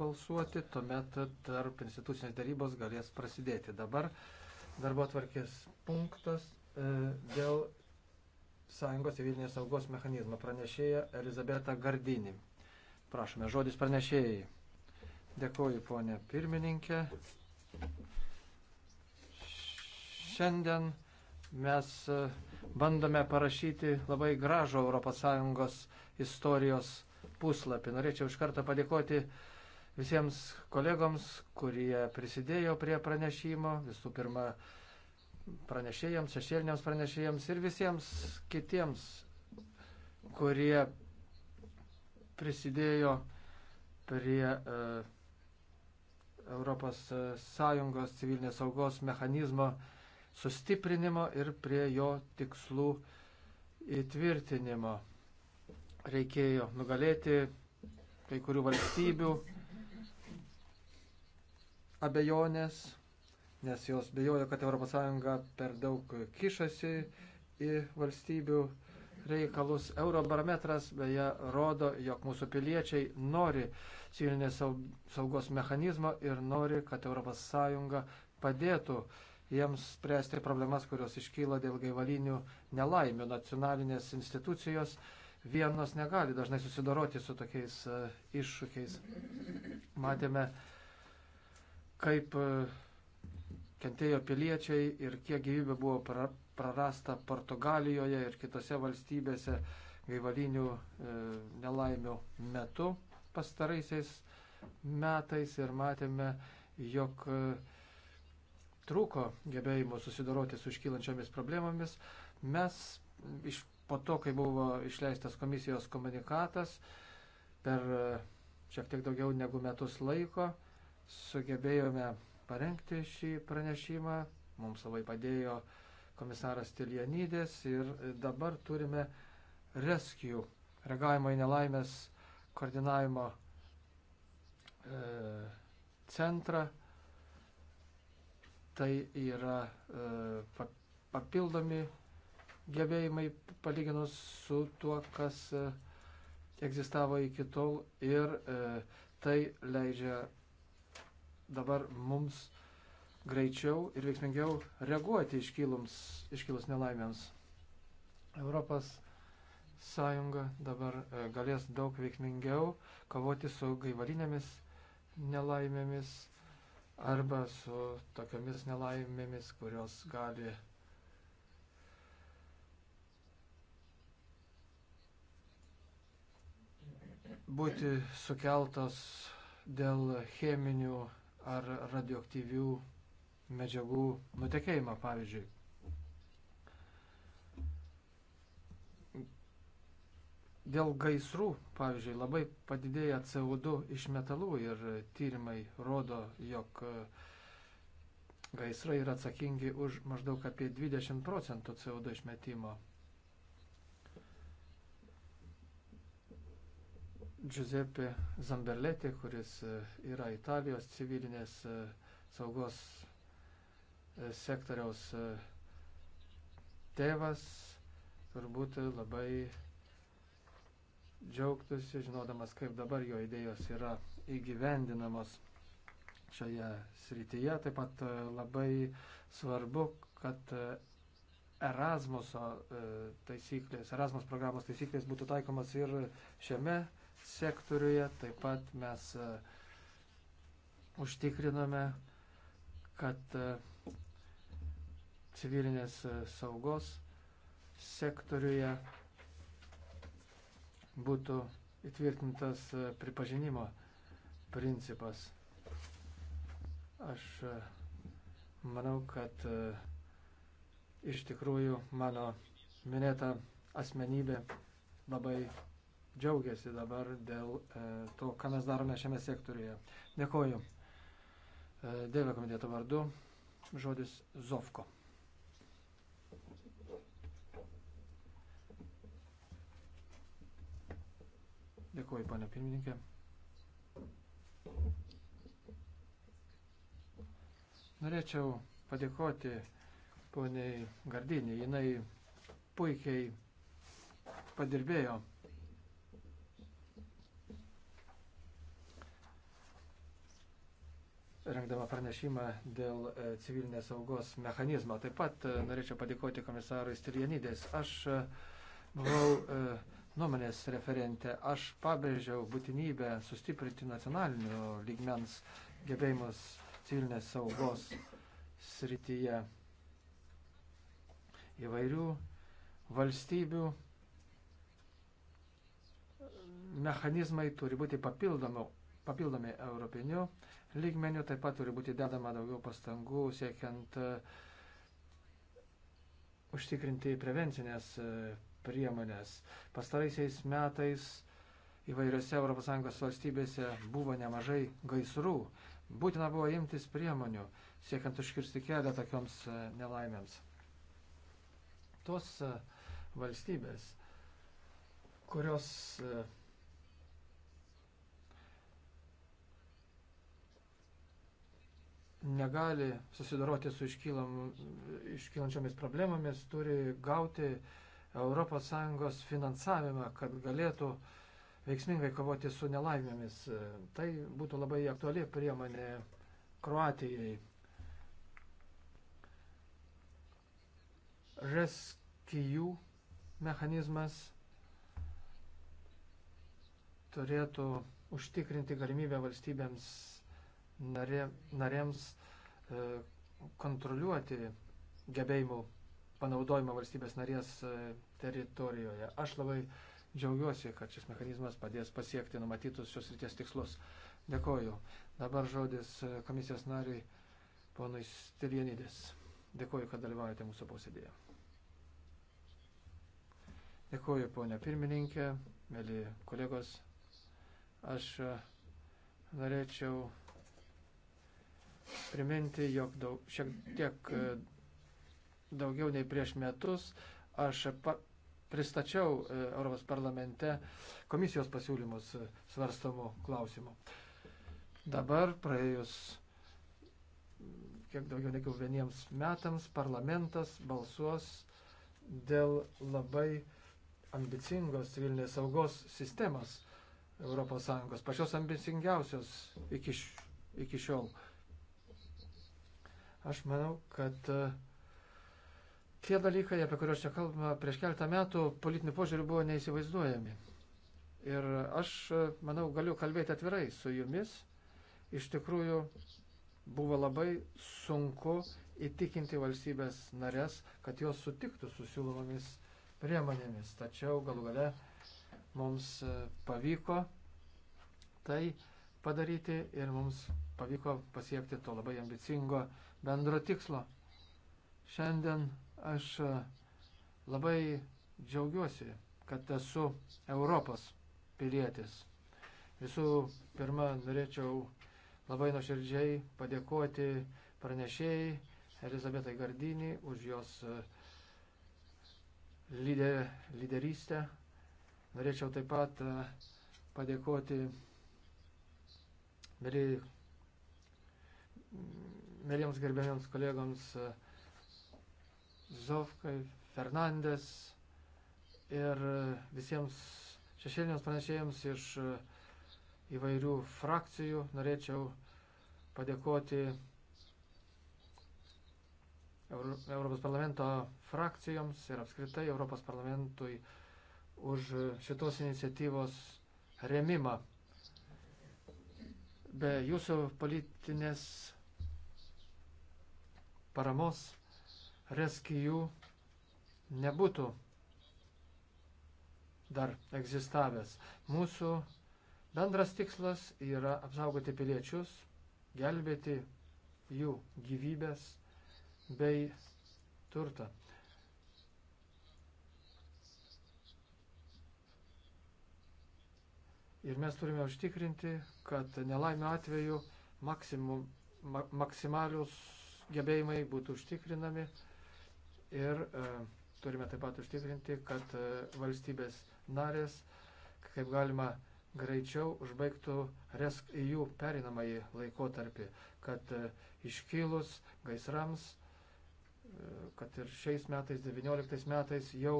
balsuoti, tuomet tarp institucinės darybos galės prasidėti. Dabar darbo atvarkės punktas e, dėl Sąjungos civilinės saugos mechanizmo pranešėja Elizabeta Gardinį. Prašome, žodis pranešėjai. Dėkuoju, ponė pirmininkė. Šiandien mes e, bandome parašyti labai gražų ES istorijos puslapį. Norėčiau iš karto padėkoti uh, visiems kolegoms, kurie prisidėjo prie pranešimo, visų pirma pranešėjams, šešėliniams pranešėjams ir visiems kitiems, kurie prisidėjo prie uh, Europos Sąjungos civilinės saugos mechanizmo sustiprinimo ir prie jo tikslų įtvirtinimo. Reikėjo nugalėti kai kurių valstybių abejonės, nes jos bejojo, kad ES per daug kišasi į valstybių reikalus. Eurobarometras beje rodo, jog mūsų piliečiai nori civilinės saugos mechanizmo ir nori, kad ES padėtų jiems spręsti problemas, kurios iškyla dėl gaivalinių nelaimių. Nacionalinės institucijos vienos negali dažnai susidoroti su tokiais e, iššūkiais. Matėme kaip e, kentėjo piliečiai ir kiek gyvybė buvo prarasta Portugalijoje ir kitose valstybėse gaivalinių e, nelaimių metu pastaraisiais metais ir matėme, jog e, trūko gebėjimo susidoroti su iškylančiomis problemomis. Mes iš, po to, kai buvo išleistas komisijos komunikatas, per šiek tiek daugiau negu metus laiko, sugebėjome parengti šį pranešimą, mums labai padėjo komisaras Tilianydės ir dabar turime rescue, reagavimo į nelaimės koordinavimo e, centrą. Tai yra e, papildomi gebėjimai palyginus su tuo, kas e, egzistavo iki tol ir e, tai leidžia dabar mums greičiau ir veiksmingiau reaguoti iškilums, iškilus nelaimėms. Europos Sąjunga dabar e, galės daug veiksmingiau kovoti su gaivalinėmis nelaimėmis arba su tokiamis nelaimėmis, kurios gali būti sukeltos dėl cheminių ar radioaktyvių medžiagų nutekėjimą, pavyzdžiui. Dėl gaisrų, pavyzdžiui, labai padidėja CO2 iš metalų ir tyrimai rodo, jog e, gaisrai yra atsakingi už maždaug apie 20 procentų CO2 išmetimo. Giuseppe Zamberleti, kuris e, yra Italijos civilinės e, saugos e, sektoriaus tėvas, turbūt labai džiaugtųsi, žinodamas, kaip dabar jo idėjos yra įgyvendinamos šioje srityje. Taip pat labai svarbu, kad Erasmuso taisyklės, Erasmus programos taisyklės būtų taikomas ir šiame sektoriuje. Taip pat mes e, užtikrinome, kad e, civilinės e, saugos sektoriuje būtų įtvirtintas pripažinimo principas. Aš manau, kad iš tikrųjų mano minėta asmenybė labai džiaugiasi dabar dėl e, to, ką mes darome šiame sektoriuje. Dėkoju. E, Dėlio komiteto vardu žodis Zovko. Dėkuoju, panė pirmininkė. Norėčiau padėkoti poniai Gardinį. Jinai puikiai padirbėjo rengdama pranešimą dėl e, civilinės saugos mechanizmo. Taip pat e, norėčiau padėkoti komisarui Stilienydės. Aš e, buvau nuomonės referente. Aš pabrėžiau būtinybę sustiprinti nacionalinio lygmens gebėjimus civilinės saugos srityje įvairių valstybių mechanizmai turi būti papildomi, papildomi europiniu lygmeniu, taip pat turi būti dedama daugiau pastangų siekiant e, užtikrinti prevencinės e, priemonės. Pastaraisiais metais įvairiose ES valstybėse buvo nemažai gaisrų. Būtina buvo imtis priemonių, siekiant užkirsti kelią tokioms e, nelaimėms. Tos valstybės, kurios negali susidoroti su iškylam, iškylančiomis problemomis, turi gauti ES finansavimą, kad galėtų veiksmingai kovoti su nelaimėmis. Tai būtų labai aktuali priemonė Kroatijai. Reskijų mechanizmas turėtų užtikrinti galimybę valstybėms narė, narėms e, kontroliuoti gebėjimų panaudojimą valstybės narės e, teritorijoje. Aš labai džiaugiuosi, kad šis mechanizmas padės pasiekti numatytus šios ryties tikslus. Dėkoju. Dabar žodis e, komisijos nariui ponui Stilienidis. Dėkoju, kad dalyvaujate mūsų posėdėje. Dėkoju, ponia pirmininkė, mėly kolegos. Aš e, norėčiau priminti, jog daug, šiek tiek e, daugiau nei prieš metus aš pa, pristačiau e, Europos parlamente komisijos pasiūlymus e, svarstamų klausimų. Dabar praėjus kiek daugiau negu vieniems metams parlamentas balsuos dėl labai ambicingos civilinės saugos sistemos ES, pačios ambicingiausios iki, iki šiol. Aš manau, kad e, tie dalykai, apie kuriuos čia kalbama, prieš keletą metų politinių požiūrių buvo neįsivaizduojami. Ir aš, e, manau, galiu kalbėti atvirai su jumis. Iš tikrųjų, buvo labai sunku įtikinti valstybės narės, kad jos sutiktų su siūlomomis priemonėmis. Tačiau galų gale mums e, pavyko tai padaryti ir mums pavyko pasiekti to labai ambicingo bendro tikslo. Šiandien aš e, labai džiaugiuosi, kad esu Europos pilietis. Visų pirma, norėčiau labai nuoširdžiai padėkoti pranešėjai Elizabetai Gardinį už jos e, lider, lyderystę. Norėčiau taip pat e, padėkoti, mėly mėlyms gerbėmiams kolegoms e, Zovkai, Fernandes ir e, visiems šešėliniams pranešėjams iš e, įvairių frakcijų. Norėčiau padėkoti Europos parlamento frakcijoms ir apskritai Europos parlamentui už šitos iniciatyvos remimą. Be jūsų politinės paramos reskijų nebūtų dar egzistavęs. Mūsų bendras tikslas yra apsaugoti piliečius, gelbėti jų gyvybės bei turtą. Ir mes turime užtikrinti, kad nelaimio atveju maksimum, ma, maksimalius gebėjimai būtų užtikrinami ir e, turime taip pat užtikrinti, kad e, valstybės narės kaip galima greičiau užbaigtų resk į e jų perinamąjį laikotarpį, kad e, iškilus gaisrams, e, kad ir šiais metais, 19 metais jau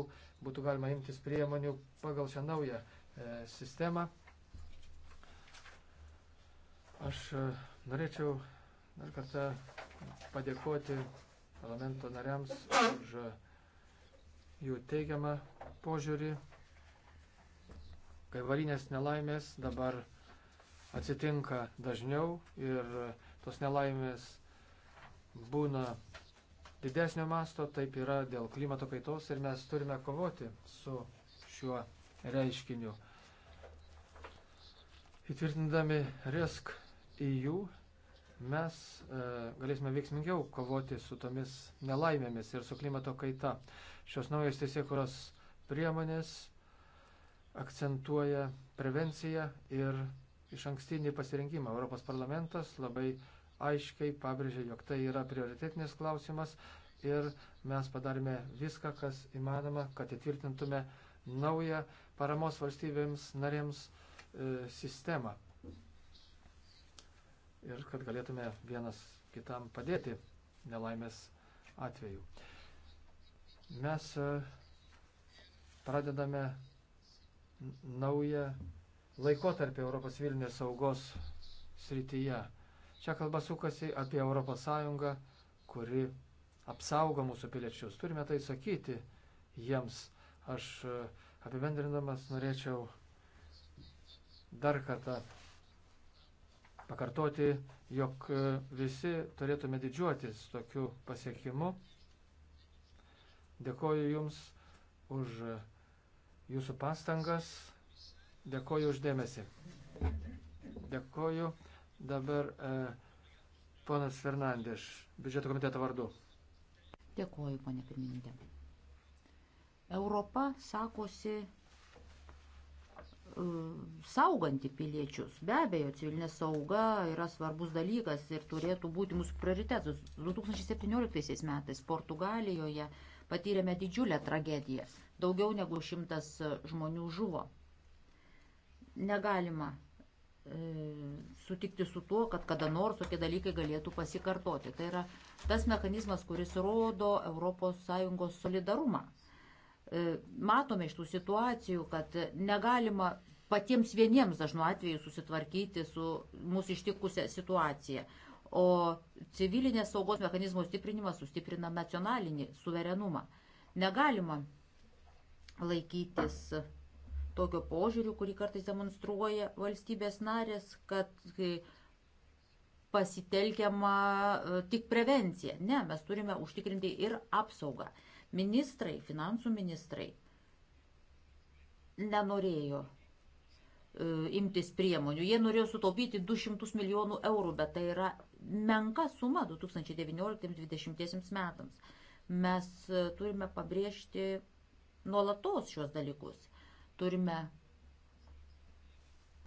būtų galima imtis priemonių pagal šią naują e, sistemą. Aš e, norėčiau dar kartą padėkoti parlamento nariams už jų teigiamą požiūrį. Kai varinės nelaimės dabar atsitinka dažniau ir tos nelaimės būna didesnio masto, taip yra dėl klimato kaitos ir mes turime kovoti su šiuo reiškiniu. Įtvirtindami risk į e jų mes e, galėsime veiksmingiau kovoti su tomis nelaimėmis ir su klimato kaita. Šios naujos teisėkuros priemonės akcentuoja prevenciją ir iš ankstinį pasirinkimą. Europos parlamentas labai aiškiai pabrėžė, jog tai yra prioritetinis klausimas ir mes padarėme viską, kas įmanoma, kad įtvirtintume naują paramos valstybėms narėms e, sistemą ir kad galėtume vienas kitam padėti nelaimės atveju. Mes e, pradedame naują laikotarpį Europos civilinės saugos srityje. Čia kalba sukasi apie ES, kuri apsaugo mūsų piliečius. Turime tai sakyti jiems. Aš e, apibendrindamas norėčiau dar kartą pakartoti, jog e, visi turėtume didžiuotis tokiu pasiekimu. Dėkoju Jums už Jūsų pastangas, dėkoju uždėmesi. Dėkoju dabar e, ponas Fernandeš, biudžeto komiteto vardu. Dėkoju, ponė pirmininkė. Europa sakosi sauganti piliečius. Be abejo, civilinė sauga yra svarbus dalykas ir turėtų būti mūsų prioritetas. 2017 metais Portugalijoje patyrėme didžiulę tragediją. Daugiau negu šimtas žmonių žuvo. Negalima e, sutikti su tuo, kad kada nors tokie dalykai galėtų pasikartoti. Tai yra tas mechanizmas, kuris rodo ES solidarumą e, matome iš tų situacijų, kad negalima patiems vieniems dažnu atveju susitvarkyti su mūsų ištikusią situaciją. O civilinės saugos mechanizmų stiprinimas sustiprina nacionalinį suverenumą. Negalima laikytis tokio požiūrių, kurį kartais demonstruoja valstybės narės, kad pasitelkiama e, tik prevencija. Ne, mes turime užtikrinti ir apsaugą. Ministrai, finansų ministrai nenorėjo E, imtis priemonių. Jie norėjo sutaupyti 200 milijonų eurų, bet tai yra menka suma 2019-2020 metams. Mes e, turime pabrėžti nuolatos šios dalykus. Turime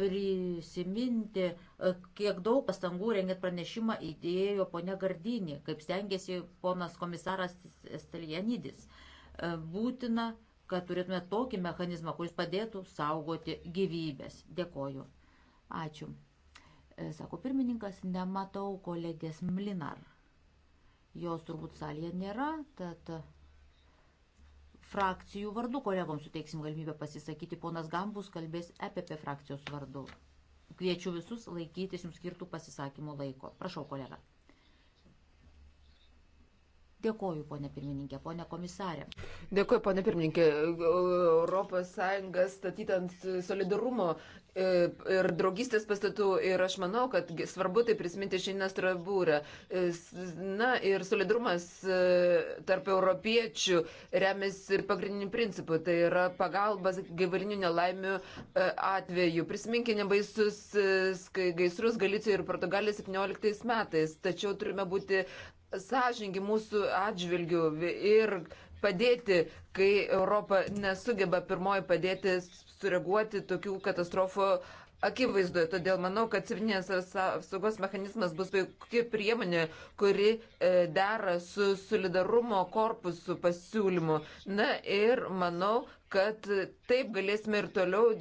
prisiminti, e, kiek daug pastangų rengiant pranešimą įdėjo ponia Gardinį, kaip stengiasi ponas komisaras Stelijanidis. Būtina kad turėtume tokį mechanizmą, kuris padėtų saugoti gyvybės. Dėkoju. Ačiū. E, sako pirmininkas, nematau kolegės Mlinar. Jos turbūt salėje nėra, tad frakcijų vardu kolegoms suteiksim galimybę pasisakyti. Ponas Gambus kalbės EPP frakcijos vardu. Kviečiu visus laikytis jums skirtų pasisakymų laiko. Prašau, kolega. Dėkoju, ponė pirmininkė, ponė komisarė. Dėkoju, ponė pirmininkė. ES statyt ant solidarumo e, ir draugystės pastatų ir aš manau, kad svarbu tai prisiminti šiandien Strasbūrę. E, na ir solidarumas e, tarp europiečių remiasi ir pagrindiniu principu, tai yra pagalbas gyvalinių nelaimių atveju. Prisiminkime baisus gaisrus Galicijoje ir Portugalijoje 17 metais, tačiau turime būti sąžingi mūsų atžvilgių ir padėti, kai Europa nesugeba pirmoji padėti sureaguoti tokių katastrofų akivaizdoje. Todėl manau, kad civilinės apsaugos mechanizmas bus puikia priemonė, kuri e, dera su solidarumo korpusu pasiūlymu. Na ir manau, kad taip galėsime ir toliau,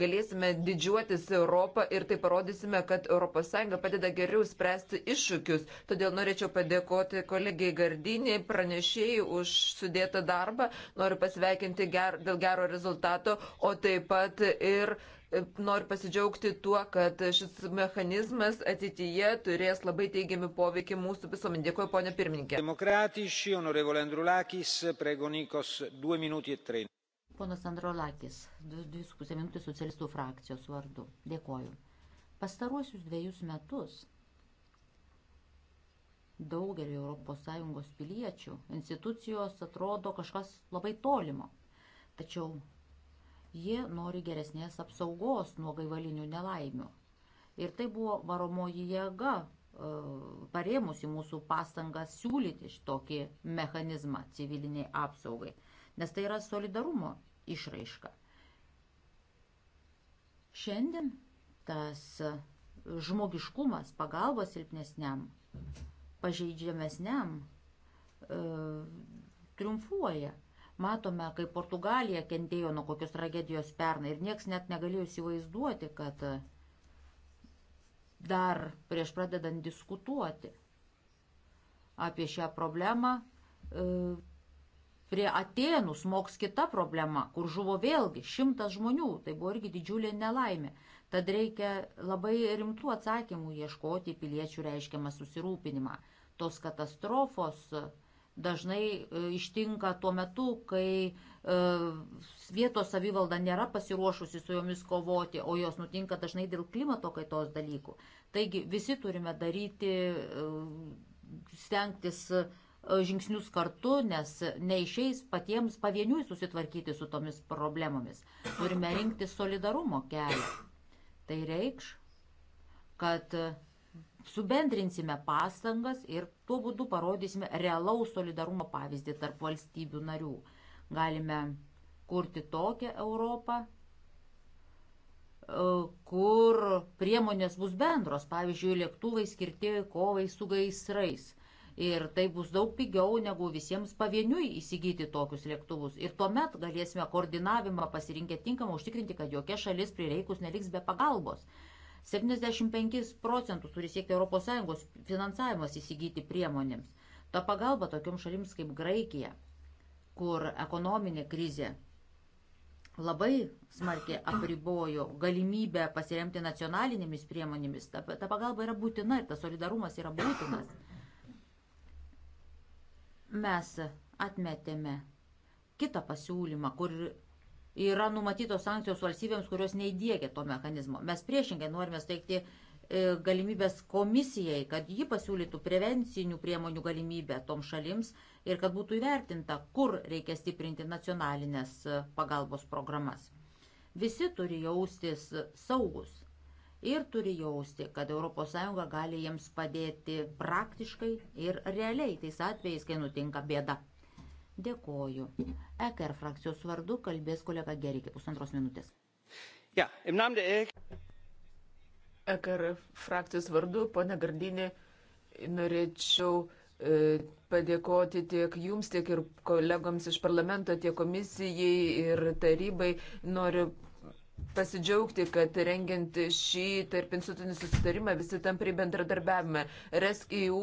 galėsime didžiuotis Europą ir taip parodysime, kad ES padeda geriau spręsti iššūkius. Todėl norėčiau padėkoti kolegijai Gardiniai, pranešėjai už sudėtą darbą, noriu pasveikinti ger, dėl gero rezultato, o taip pat ir e, noriu pasidžiaugti tuo, kad šis mechanizmas ateityje turės labai teigiami poveikį mūsų visuomenė. Dėkuoju, ponė pirmininkė. Demokratiški, honorevole Andrulakis, prego Nikos, 2 minutį ir 3. Ponas Androlakis, 2,5 minutės socialistų frakcijos vardu. Dėkoju. Pastaruosius dviejus metus daugeliu ES piliečių institucijos atrodo kažkas labai tolimo. Tačiau jie nori geresnės apsaugos nuo gaivalinių nelaimių. Ir tai buvo varomoji jėga e, parėmusi mūsų pastangas siūlyti šitokį mechanizmą civiliniai apsaugai nes tai yra solidarumo išraiška. Šiandien tas žmogiškumas, pagalba silpnesniam, pažeidžiamesniam e, triumfuoja. Matome, kaip Portugalija kentėjo nuo kokios tragedijos pernai ir nieks net negalėjo įsivaizduoti, kad dar prieš pradedant diskutuoti apie šią problemą e, Prie Atenų smoks kita problema, kur žuvo vėlgi šimtas žmonių, tai buvo irgi didžiulė nelaimė. Tad reikia labai rimtų atsakymų ieškoti piliečių reiškiamą susirūpinimą. Tos katastrofos e, dažnai e, ištinka tuo metu, kai e, vietos savivalda nėra pasiruošusi su jomis kovoti, o jos nutinka dažnai dėl klimato kaitos dalykų. Taigi visi turime daryti, stengtis E, žingsnius kartu, nes neišeis patiems pavieniui susitvarkyti su tomis problemomis. Turime rinkti solidarumo kelią. Tai reikš, kad subendrinsime pastangas ir tuo būdu parodysime realaus solidarumo pavyzdį tarp valstybių narių. Galime kurti tokią Europą, e, kur priemonės bus bendros, pavyzdžiui, lėktuvai skirti kovai su gaisrais – ir tai bus daug pigiau negu visiems pavieniui įsigyti tokius lėktuvus. Ir tuomet galėsime koordinavimą pasirinkę tinkamą užtikrinti, kad jokia šalis prireikus neliks be pagalbos. 75 procentus turi siekti ES finansavimas įsigyti priemonėms. Ta pagalba tokiom šalims kaip Graikija, kur ekonominė krizė labai smarkiai apribojo galimybę pasiremti nacionalinėmis priemonėmis. Ta, ta pagalba yra būtina ir tas solidarumas yra būtinas. Mes atmetėme kitą pasiūlymą, kur yra numatytos sankcijos valstybėms, kurios neįdėgė to mechanizmo. Mes priešingai norime steigti e, galimybės komisijai, kad ji pasiūlytų prevencinių priemonių galimybę tom šalims ir kad būtų įvertinta, kur reikia stiprinti nacionalinės pagalbos programas. Visi turi jaustis saugus ir turi jausti, kad ES gali jiems padėti praktiškai ir realiai tais atvejais, kai nutinka bėda. Dėkoju. EKR frakcijos vardu kalbės kolega Gerikė pusantros minutės. Ja, EKR frakcijos vardu, pana Gardinė, norėčiau e, padėkoti tiek jums, tiek ir kolegoms iš parlamento, tiek komisijai ir tarybai. Noriu pasidžiaugti, kad rengiant šį tarp institucinį susitarimą visi tampriai bendradarbiavime. RESCU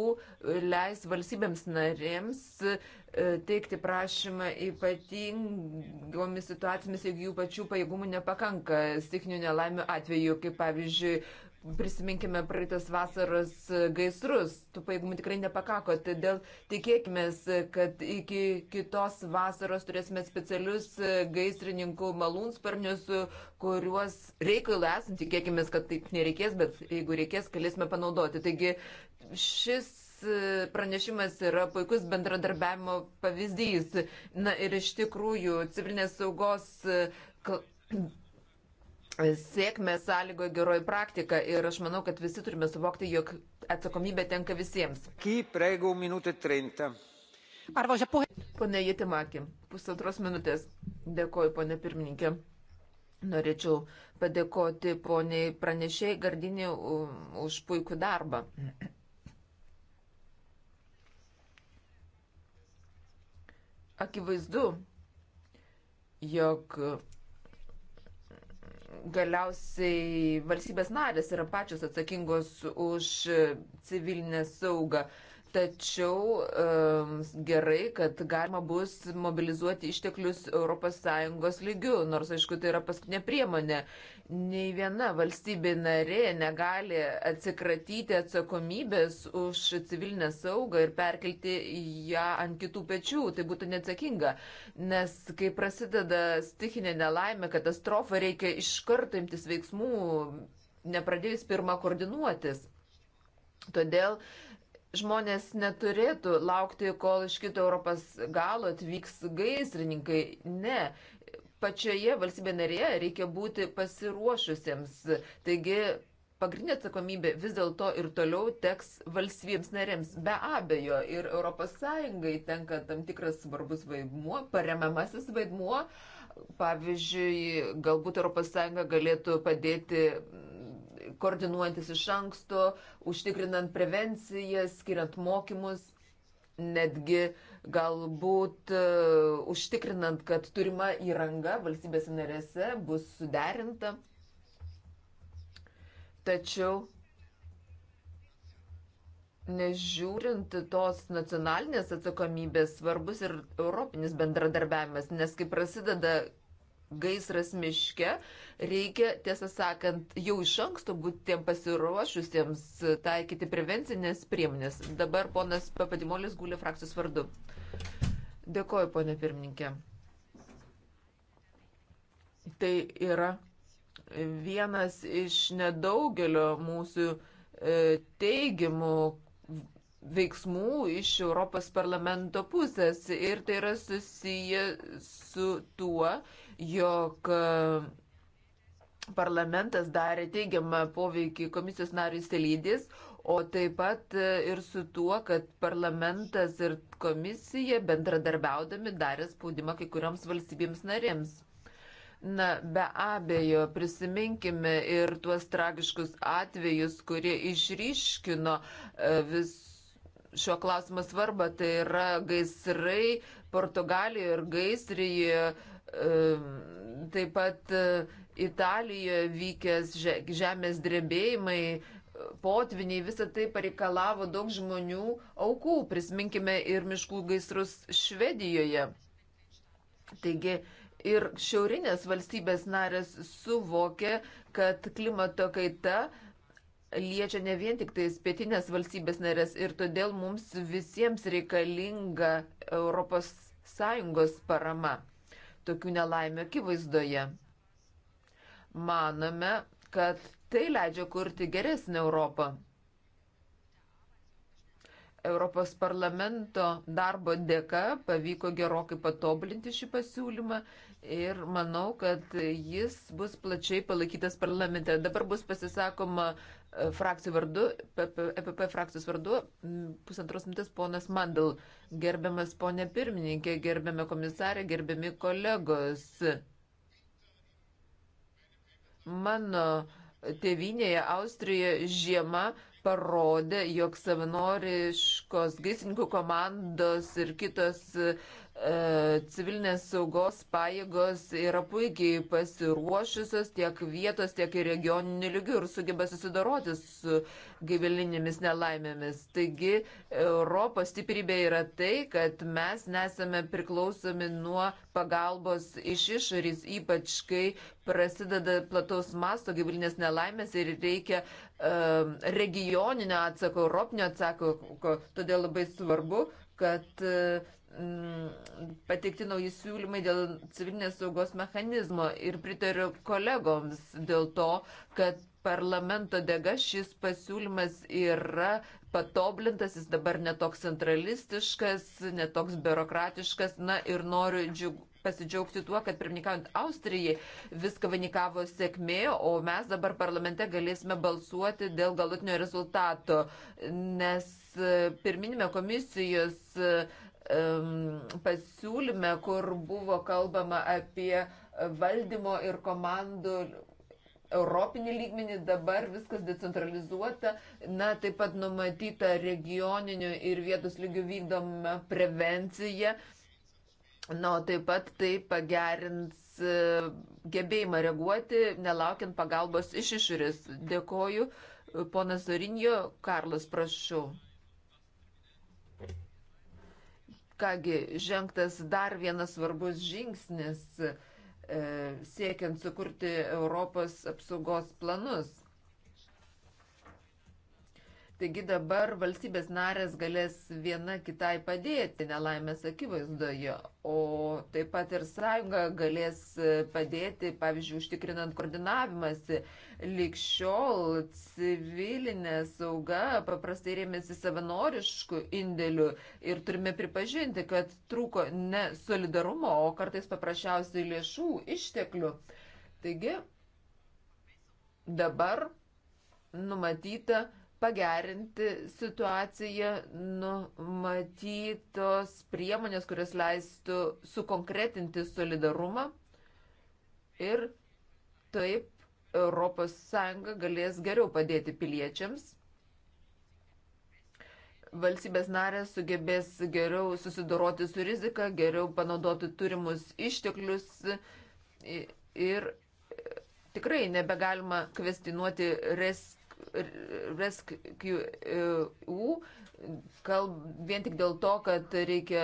leis valstybėms narėms e, teikti prašymą ypatingomis situacijomis, jeigu jų pačių pajėgumų nepakanka stiknių nelaimių atveju, kaip pavyzdžiui Prisiminkime praeitas vasaros e, gaisrus, tų pajėgumų tikrai nepakako, todėl tikėkime, kad iki kitos vasaros turėsime specialius e, gaisrininkų malūnsparnius, e, kuriuos reikalui esant, tikėkime, kad taip nereikės, bet jeigu reikės, galėsime panaudoti. Taigi šis pranešimas yra puikus bendradarbiavimo pavyzdys. Na ir iš tikrųjų civilinės saugos sėkmę sąlygoja geroji praktika ir aš manau, kad visi turime suvokti, jog atsakomybė tenka visiems. Arvoisa puhemies. Pone Jėtimaki, pusantros minutės. Dėkoju, pone pirmininkė. Norėčiau padėkoti poniai pranešėjai Gardinį už puikų darbą. Akivaizdu, jog galiausiai valstybės narės yra pačios atsakingos už civilinę saugą. Tačiau gerai, kad galima bus mobilizuoti išteklius ES lygių, nors aišku, tai yra paskutinė priemonė. Nei viena valstybė narė negali atsikratyti atsakomybės už civilinę saugą ir perkelti ją ant kitų pečių. Tai būtų neatsakinga, nes kai prasideda stichinė nelaimė, katastrofa, reikia iš karto imtis veiksmų, nepradėjus pirmą koordinuotis. Todėl uh, žmonės neturėtų laukti, kol iš kito Europos galo atvyks gaisrininkai. Ne. Pačioje valstybė narėje reikia būti pasiruošusiems. Taigi pagrindinė atsakomybė vis dėlto ir toliau teks valstybėms narėms. Be abejo, ir ES tenka tam tikras svarbus vaidmuo, paremiamasis vaidmuo. Pavyzdžiui, galbūt ES galėtų padėti koordinuojantis iš anksto, užtikrinant prevenciją, skiriant mokymus, netgi galbūt e, užtikrinant, kad turima įranga valstybės narėse bus suderinta. Tačiau nežiūrint tos nacionalinės atsakomybės, svarbus ir europinis bendradarbiavimas, nes kai prasideda gaisras miške, reikia, tiesą sakant, jau iš anksto būti tiem pasiruošusiems taikyti prevencinės priemonės. Dabar ponas Papadimolis gulė frakcijos vardu. Dėkoju, ponė pirmininkė. Tai yra vienas iš nedaugelio mūsų e, teigiamų veiksmų iš Europos parlamento pusės ir tai yra susiję su tuo, jog e, parlamentas darė teigiamą poveikį komisijos nariui Selydis, o taip pat e, ir su tuo, kad parlamentas ir komisija bendradarbiaudami darė spaudimą kai kurioms valstybėms narėms. Na, be abejo, prisiminkime ir tuos tragiškus atvejus, kurie išryškino e, vis šio klausimo svarbą, tai yra gaisrai Portugalijoje ir gaisrijoje, taip pat e, Italijoje vykęs žemės drebėjimai, e, potviniai, visa tai pareikalavo daug žmonių aukų. Prisiminkime ir miškų gaisrus Švedijoje. Taigi ir šiaurinės valstybės narės suvokė, kad klimato kaita uh, liečia ne vien tik tais pietinės valstybės narės ir todėl mums visiems reikalinga ES parama tokių nelaimė akivaizdoje. Manome, kad tai leidžia kurti geresnę Europą. Europos parlamento darbo dėka pavyko gerokai patobulinti šį pasiūlymą ir manau, kad jis bus plačiai palaikytas parlamente. Dabar bus pasisakoma e, frakcijų vardu, EPP e frakcijos vardu, pusantros mintis ponas Mandal. Gerbiamas ponė pirmininkė, gerbiame komisarė, gerbiami kolegos. Mano tėvinėje Austrijoje žiema parodė, jog savanoriškos gaisininkų komandos ir kitos uh, E, civilinės saugos pajėgos yra puikiai pasiruošusios tiek vietos, tiek ir regioninių lygių ir sugeba susidoroti su gyvelinėmis nelaimėmis. Taigi Europos stiprybė yra tai, kad mes nesame priklausomi nuo pagalbos iš išorės, ypač kai prasideda plataus masto gyvelinės nelaimės ir reikia um, regioninio atsako, europinio atsako, todėl labai svarbu, kad e, pateikti nauji siūlymai dėl civilinės saugos mechanizmo ir pritariu kolegoms dėl to, kad parlamento dėga šis pasiūlymas yra patoblintas, jis dabar netoks centralistiškas, netoks biurokratiškas, na ir noriu džiug, pasidžiaugti tuo, kad pirmininkaujant Austrijai viską vainikavo sėkmė, o mes dabar parlamente galėsime balsuoti dėl galutinio rezultato, nes e, pirminime komisijos um, pasiūlyme, kur buvo kalbama apie valdymo ir komandų europinį lygmenį, dabar viskas decentralizuota, na, taip pat numatyta regioninių ir vietos lygių vykdoma prevencija. Uh, Na, o taip pat tai pagerins e, gebėjimą reaguoti, nelaukiant pagalbos iš išorės. Dėkoju. Ponas Zorinio, Karlas, prašau. Kągi, žengtas dar vienas svarbus žingsnis e, siekiant sukurti Europos apsaugos planus. Taigi dabar valstybės narės galės viena kitai padėti nelaimės akivaizdoje, o taip pat ir sąjunga galės padėti, pavyzdžiui, užtikrinant koordinavimąsi. Likščiol civilinė sauga paprastai rėmėsi savanoriškų indėlių ir turime pripažinti, kad trūko ne solidarumo, o kartais paprasčiausiai lėšų išteklių. Taigi dabar numatyta, pagerinti situaciją numatytos priemonės, kurios leistų sukonkretinti solidarumą ir taip ES galės geriau padėti piliečiams. Valstybės narės sugebės geriau susidoroti su rizika, geriau panaudoti turimus išteklius ir e, tikrai nebegalima kvestinuoti rest RescueU e, vien tik dėl to, kad reikia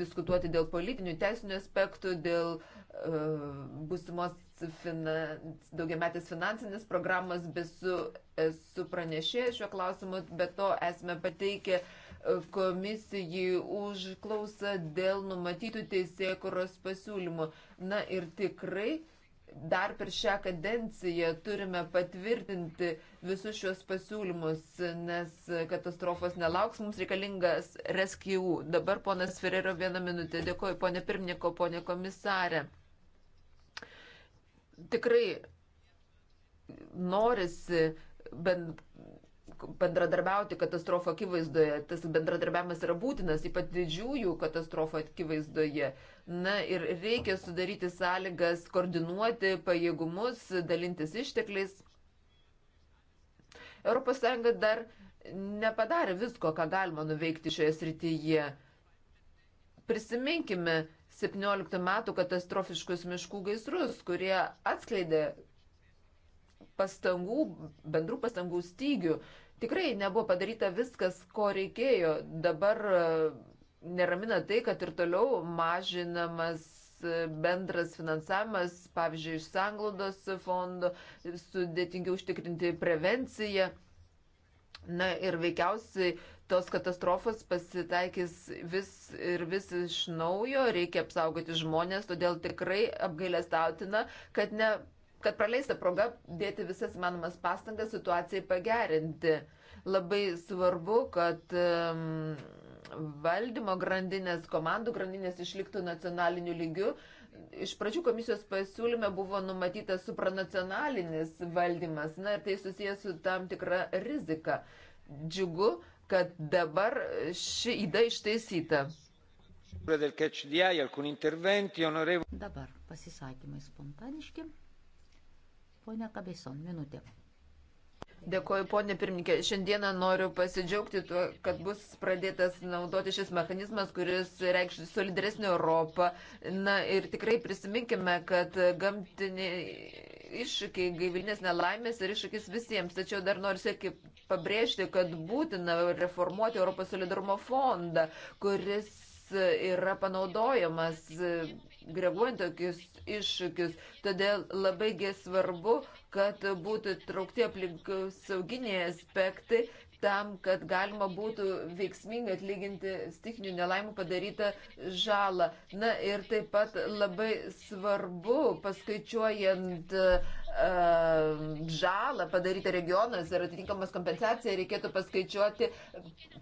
diskutuoti dėl politinių teisinių aspektų, dėl uh, būsimos finan, daugiametės finansinės programos, bet su, su pranešė šiuo klausimu, bet to esame pateikę komisijai užklausą dėl numatytų teisėkuros pasiūlymų. Na ir tikrai dar per šią kadenciją turime patvirtinti visus šios pasiūlymus, nes katastrofos nelauks, mums reikalingas rescue. Dabar ponas Ferrero vieną minutę. Dėkuoju, ponė pirmininko, ponė komisarė. Tikrai norisi bent bendradarbiauti katastrofo akivaizdoje. Tas bendradarbiavimas yra būtinas, ypač didžiųjų katastrofo akivaizdoje. Na ir reikia sudaryti sąlygas, koordinuoti pajėgumus, dalintis ištekliais. ES dar nepadarė visko, ką galima nuveikti šioje srityje. Prisiminkime 17 metų katastrofiškus miškų gaisrus, kurie atskleidė pastangų, bendrų pastangų stygių. Tikrai nebuvo padaryta viskas, ko reikėjo. Dabar e, neramina tai, kad ir toliau mažinamas e, bendras finansavimas, pavyzdžiui, iš sanglaudos fondo, sudėtingiau užtikrinti prevenciją. Na ir veikiausiai tos katastrofos pasitaikys vis ir vis iš naujo, reikia apsaugoti žmonės, todėl tikrai apgailestautina, kad ne kad praleista proga dėti visas manomas pastangas situacijai pagerinti. Labai svarbu, kad valdymo grandinės, komandų grandinės išliktų nacionaliniu lygiu. Iš pradžių komisijos pasiūlyme buvo numatytas supranacionalinis valdymas, na ir tai susijęs su tam tikra rizika. Džiugu, kad dabar ši įda išteisyta. Dabar pasisakymai spontaniški. Pone Kabeson, minutė. Dėkoju, ponė pirmininkė. Šiandieną noriu pasidžiaugti tuo, kad bus pradėtas naudoti šis mechanizmas, kuris reikš solidaresnį Europą. Na ir tikrai prisiminkime, kad gamtiniai iššūkiai, gaivinės nelaimės ir iššūkis visiems. Tačiau dar noriu sėki pabrėžti, kad būtina reformuoti Europos solidarumo fondą, kuris yra panaudojamas grevuojant tokius iššūkius. Todėl labai svarbu, kad būtų traukti aplinkosauginiai aspektai tam, kad galima būtų veiksmingai atlyginti stikinių nelaimų padarytą žalą. Na ir taip pat labai svarbu paskaičiuojant uh, Ehm, žalą padarytą regionuose ir atitinkamas kompensaciją reikėtų paskaičiuoti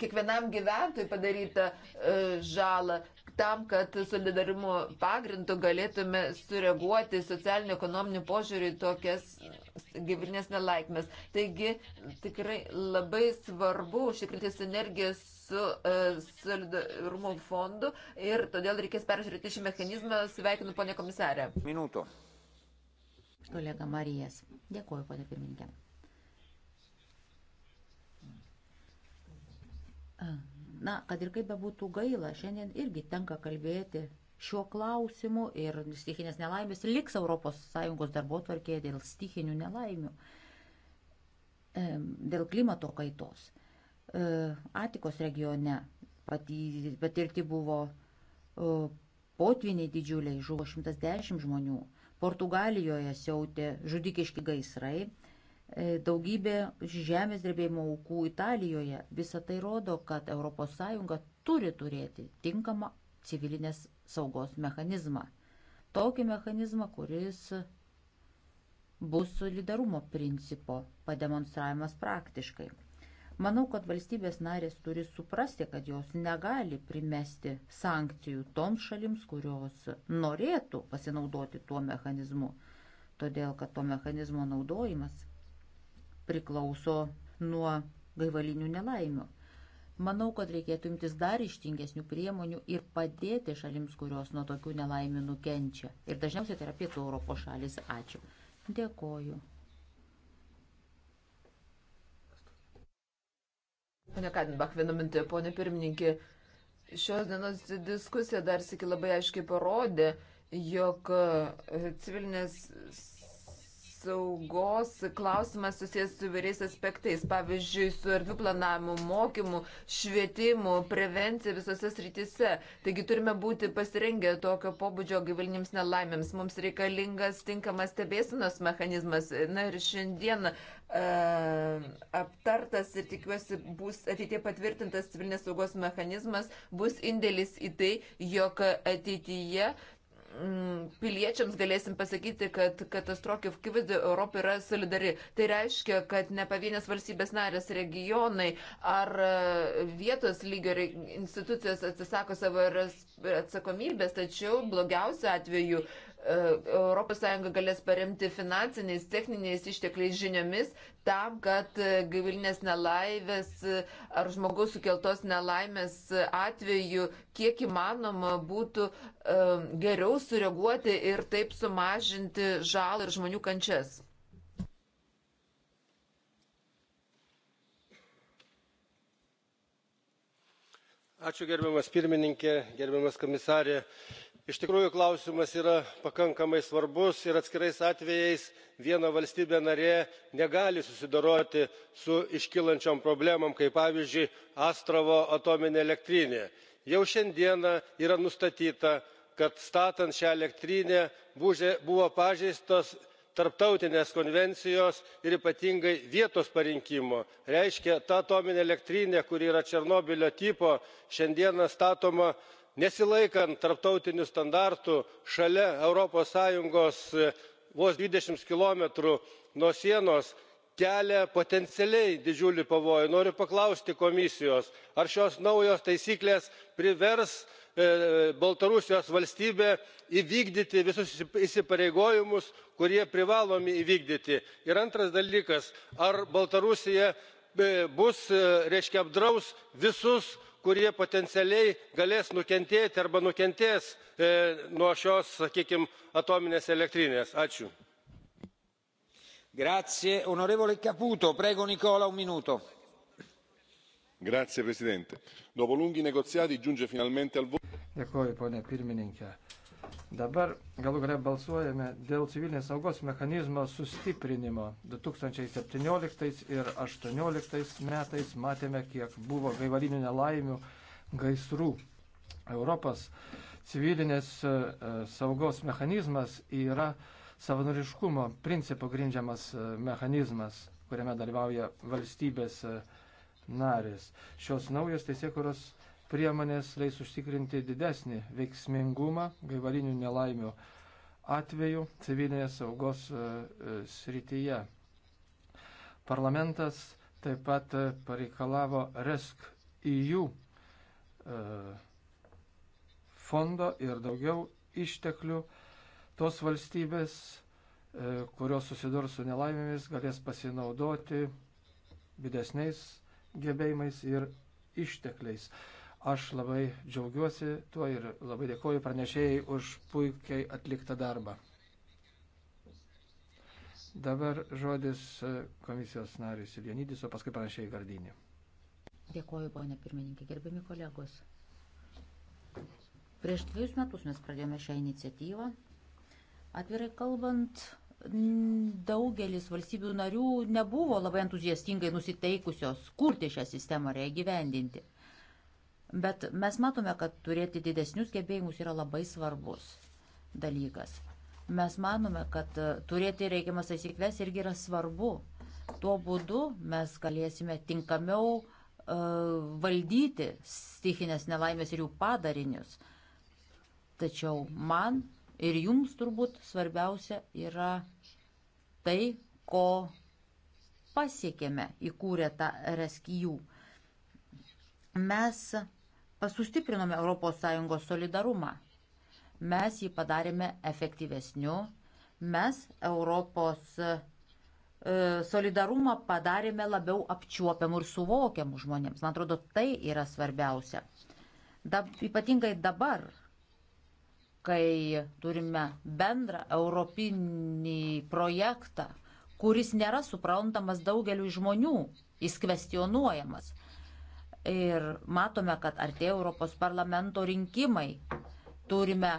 kiekvienam gyventojui padarytą e, žalą tam, kad solidarumo pagrindu galėtume sureaguoti socialinio ekonominio požiūrį į tokias gyvinės nelaikmes. Taigi tikrai labai svarbu užtikrinti sinergiją su uh, solidarumo fondu ir todėl reikės peržiūrėti šį mechanizmą. Sveikinu, ponė komisarė. Minuto kolega Marijas. Dėkuoju, ponė pirmininkė. Na, kad ir kaip bebūtų gaila, šiandien irgi tenka kalbėti šiuo klausimu ir stichinės nelaimės liks ES darbo tvarkėje dėl stichinių nelaimių, e, dėl klimato kaitos. E, Atikos regione patirti buvo potviniai didžiuliai, žuvo 110 žmonių. Portugalijoje siautė žudikiški gaisrai, e, daugybė žemės drebėjimo aukų Italijoje. Visą tai rodo, kad ES turi turėti tinkamą civilinės saugos mechanizmą. Tokį mechanizmą, kuris bus solidarumo principo pademonstravimas praktiškai. Manau, kad valstybės narės turi suprasti, kad jos negali primesti sankcijų toms šalims, kurios norėtų pasinaudoti tuo mechanizmu, todėl kad to mechanizmo naudojimas priklauso nuo gaivalinių nelaimių. Manau, kad reikėtų imtis dar ištingesnių priemonių ir padėti šalims, kurios nuo tokių nelaimių nukenčia. Ir dažniausiai tai yra pietų Europos šalis. Ačiū. Dėkoju. Pane Kadinbach, vieną mintį, ponė pirmininkė. Šios dienos diskusija dar sėki labai aiškiai parodė, jog e, civilinės saugos klausimas susijęs su vyriais aspektais, pavyzdžiui, su erdvių planavimu, mokymu, švietimu, prevencija visose srityse. Taigi turime būti pasirengę tokio pobūdžio gyvilinims nelaimėms. Mums reikalingas tinkamas stebėsinos mechanizmas. Na ir šiandien e, aptartas ir tikiuosi bus ateitie patvirtintas civilinės saugos mechanizmas, bus indėlis į tai, jog ateityje Mm, piliečiams galėsim pasakyti, kad katastrofė akivaizdu Europa yra solidari. Tai reiškia, kad ne pavienės valstybės narės regionai ar e, vietos lygio institucijos atsisako savo atsakomybės, tačiau blogiausiu atveju ES galės paremti finansiniais, techniniais ištekliais žiniomis tam, kad e, gyvilinės nelaimės e, ar žmogaus sukeltos nelaimės atveju kiek įmanoma būtų e, geriau sureaguoti ir taip sumažinti žalą ir žmonių kančias. ačiū gerbiamas pirmininke gerbiamas komisare iš tikrųjų klausimas yra pakankamai svarbus ir atskirais atvejais viena valstybė narė negali susidoroti su iškylančiom problemom kaip pavyzdžiui astravo atominė elektrinė. jau šiandien yra nustatyta kad statant šią elektrinę buvo pažeistos tarptautinės konvencijos ir ypatingai vietos parinkimo reiškia ta atominė elektrinė kuri yra černobylio tipo šiandien statoma nesilaikant tarptautinių standartų šalia europos sąjungos e, vos dvidešimt kilometrų nuo sienos kelia potencialiai didžiulį pavojų. noriu paklausti komisijos ar šios naujos taisyklės privers e, baltarusijos valstybę įvykdyti visus įsipareigojimus kurie privalomi įvykdyti? ir antras dalykas ar baltarusija e, bus reiškia apdraus visus kurie potencialiai galės nukentėti arba nukentės e, nuo šios sakykime atominės elektrinės. signor presidente dopo lunghi negoziati giunge finalmente al voto. Dabar galų galia balsuojame dėl civilinės saugos mechanizmo sustiprinimo. 2017 ir 2018 metais matėme, kiek buvo gaivalinių nelaimių gaisrų. Europos civilinės e, saugos mechanizmas yra savanoriškumo principų grindžiamas e, mechanizmas, kuriame dalyvauja valstybės e, narės. Šios naujos teisėkuros priemonės leis užtikrinti didesnį veiksmingumą gaivalinių nelaimių atveju civilinės saugos e, e, srityje. Parlamentas taip pat e, pareikalavo RESC EU fondo ir daugiau išteklių tos valstybės, kurios susidurs su nelaimėmis, galės pasinaudoti didesniais gebėjimais ir ištekliais. Aš labai džiaugiuosi tuo ir labai dėkoju pranešėjai už puikiai atliktą darbą. Dabar žodis komisijos narius Ilienydis, o paskui pranešėjai Gardinį. Dėkoju, ponė pirmininkė, gerbiami kolegos. Prieš dviejus metus mes pradėjome šią iniciatyvą. Atvirai kalbant, daugelis valstybių narių nebuvo labai entuziastingai nusiteikusios kurti šią sistemą ir ją gyvendinti. Bet mes matome, kad turėti didesnius gebėjimus yra labai svarbus dalykas. Mes manome, kad e, turėti reikiamas taisyklės irgi yra svarbu. Tuo būdu mes galėsime tinkamiau uh, valdyti stichinės nelaimės ir jų padarinius. Tačiau man ir jums turbūt svarbiausia yra tai, ko pasiekėme įkūrę tą reskijų. Mes Sustiprinome ES solidarumą. Mes jį padarėme efektyvesniu. Mes Europos e, solidarumą padarėme labiau apčiuopiamų ir suvokiamų žmonėms. Man atrodo, tai yra svarbiausia. Da, ypatingai dabar, kai turime bendrą europinį projektą, kuris nėra suprantamas daugeliu žmonių, jis kvestionuojamas. Ir matome, kad artėja Europos parlamento rinkimai. Turime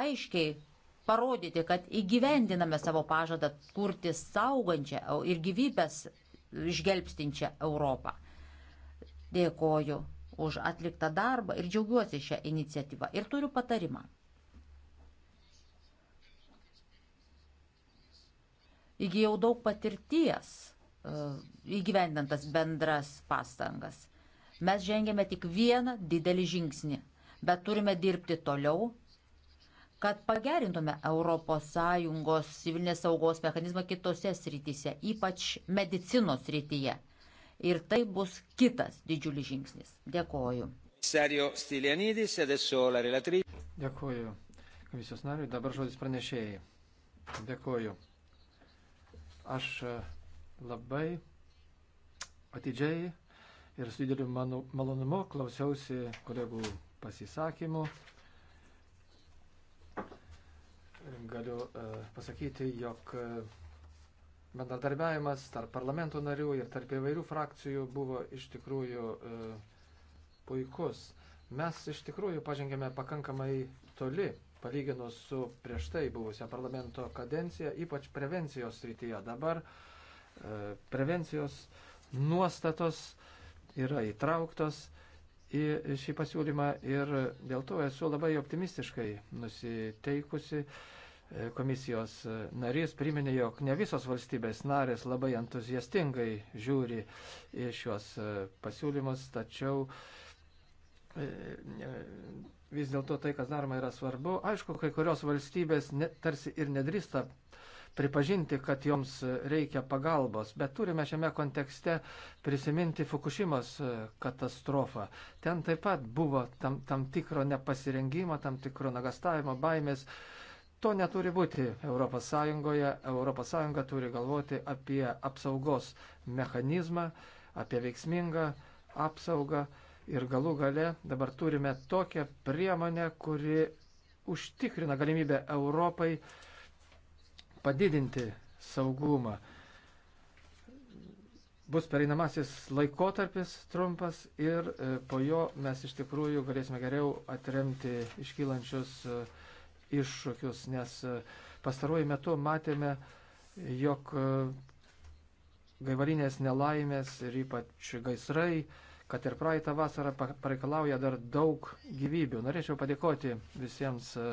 aiškiai parodyti, kad įgyvendiname savo pažadą kurti saugančią ir gyvybės išgelbstinčią Europą. Dėkoju už atliktą darbą ir džiaugiuosi šią iniciatyvą. Ir turiu patarimą. Įgyjau daug patirties e, įgyvendintas bendras pastangas. Mes žengėme tik vieną didelį žingsnį, bet turime dirbti toliau, kad pagerintume ES civilinės saugos mechanizmą kitose srityse, ypač medicinos srityje. Ir tai bus kitas didžiulis žingsnis. Dėkoju. Dėkoju komisijos nariui, dabar žodis pranešėjai. Dėkoju. Aš e, labai atidžiai ir su dideliu mano, malonumu klausiausi kolegų pasisakymų. Galiu e, pasakyti, jog e, bendradarbiavimas tarp parlamento narių ir tarp įvairių frakcijų buvo iš tikrųjų e, puikus. Mes iš tikrųjų pažengėme pakankamai toli, palyginus su prieš tai buvusią parlamento kadenciją, ypač prevencijos srityje. Dabar e, prevencijos nuostatos yra įtrauktos į šį pasiūlymą ir dėl to esu labai optimistiškai nusiteikusi. Komisijos narys priminė, jog ne visos valstybės narės labai entuziastingai žiūri į šios pasiūlymus, tačiau e, vis dėlto tai, kas daroma, yra svarbu. Aišku, kai kurios valstybės ne, tarsi ir nedrįsta pripažinti, kad joms reikia pagalbos, bet turime šiame kontekste prisiminti Fukushimos e, katastrofą. Ten taip pat buvo tam, tam tikro nepasirengimo, tam tikro nagastavimo, baimės. To neturi būti ES. ES turi galvoti apie apsaugos mechanizmą, apie veiksmingą apsaugą ir galų gale dabar turime tokią priemonę, kuri užtikrina galimybę Europai uh, padidinti saugumą. Bus pereinamasis laikotarpis trumpas ir e, po jo mes iš tikrųjų galėsime geriau atremti iškylančius e, iššūkius, nes e, pastaruoju metu matėme, jog gaivalinės nelaimės ir ypač gaisrai, kad ir praeitą vasarą pareikalauja dar daug gyvybių. Norėčiau padėkoti visiems uh,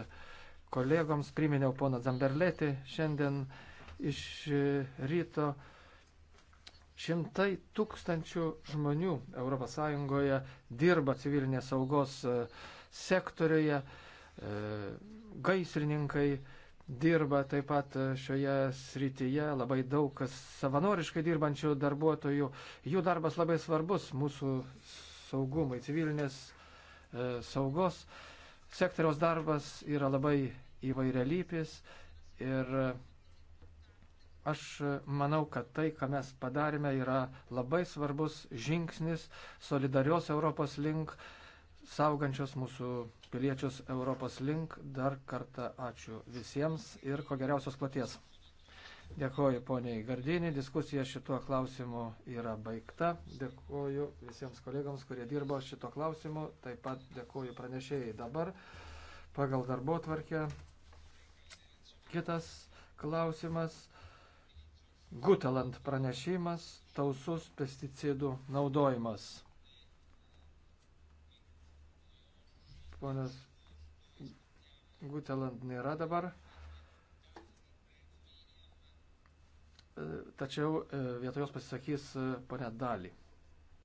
kolegoms, priminiau poną Zamberletį šiandien iš ryto. Šimtai tūkstančių žmonių ES dirba civilinės saugos e, sektoriuje, e, gaisrininkai dirba taip pat e, šioje srityje, labai daug savanoriškai dirbančių darbuotojų. Jų darbas labai svarbus mūsų saugumui, civilinės saugos sektoriaus darbas yra labai įvairialypis ir aš manau, kad tai, ką mes padarėme, yra labai svarbus žingsnis solidarios Europos link, saugančios mūsų piliečius Europos link. Dar kartą ačiū visiems ir ko geriausios kloties. Dėkoju poniai Gardinį, diskusija šituo klausimu yra baigta. Dėkoju visiems kolegams, kurie dirbo šituo klausimu, taip pat dėkoju pranešėjai dabar pagal darbo tvarkę. Kitas klausimas. Gutelant pranešimas, tausus pesticidų naudojimas. Ponas Gutelant nėra dabar. E, tačiau e, vietoj jos pasisakys e, ponia Dali.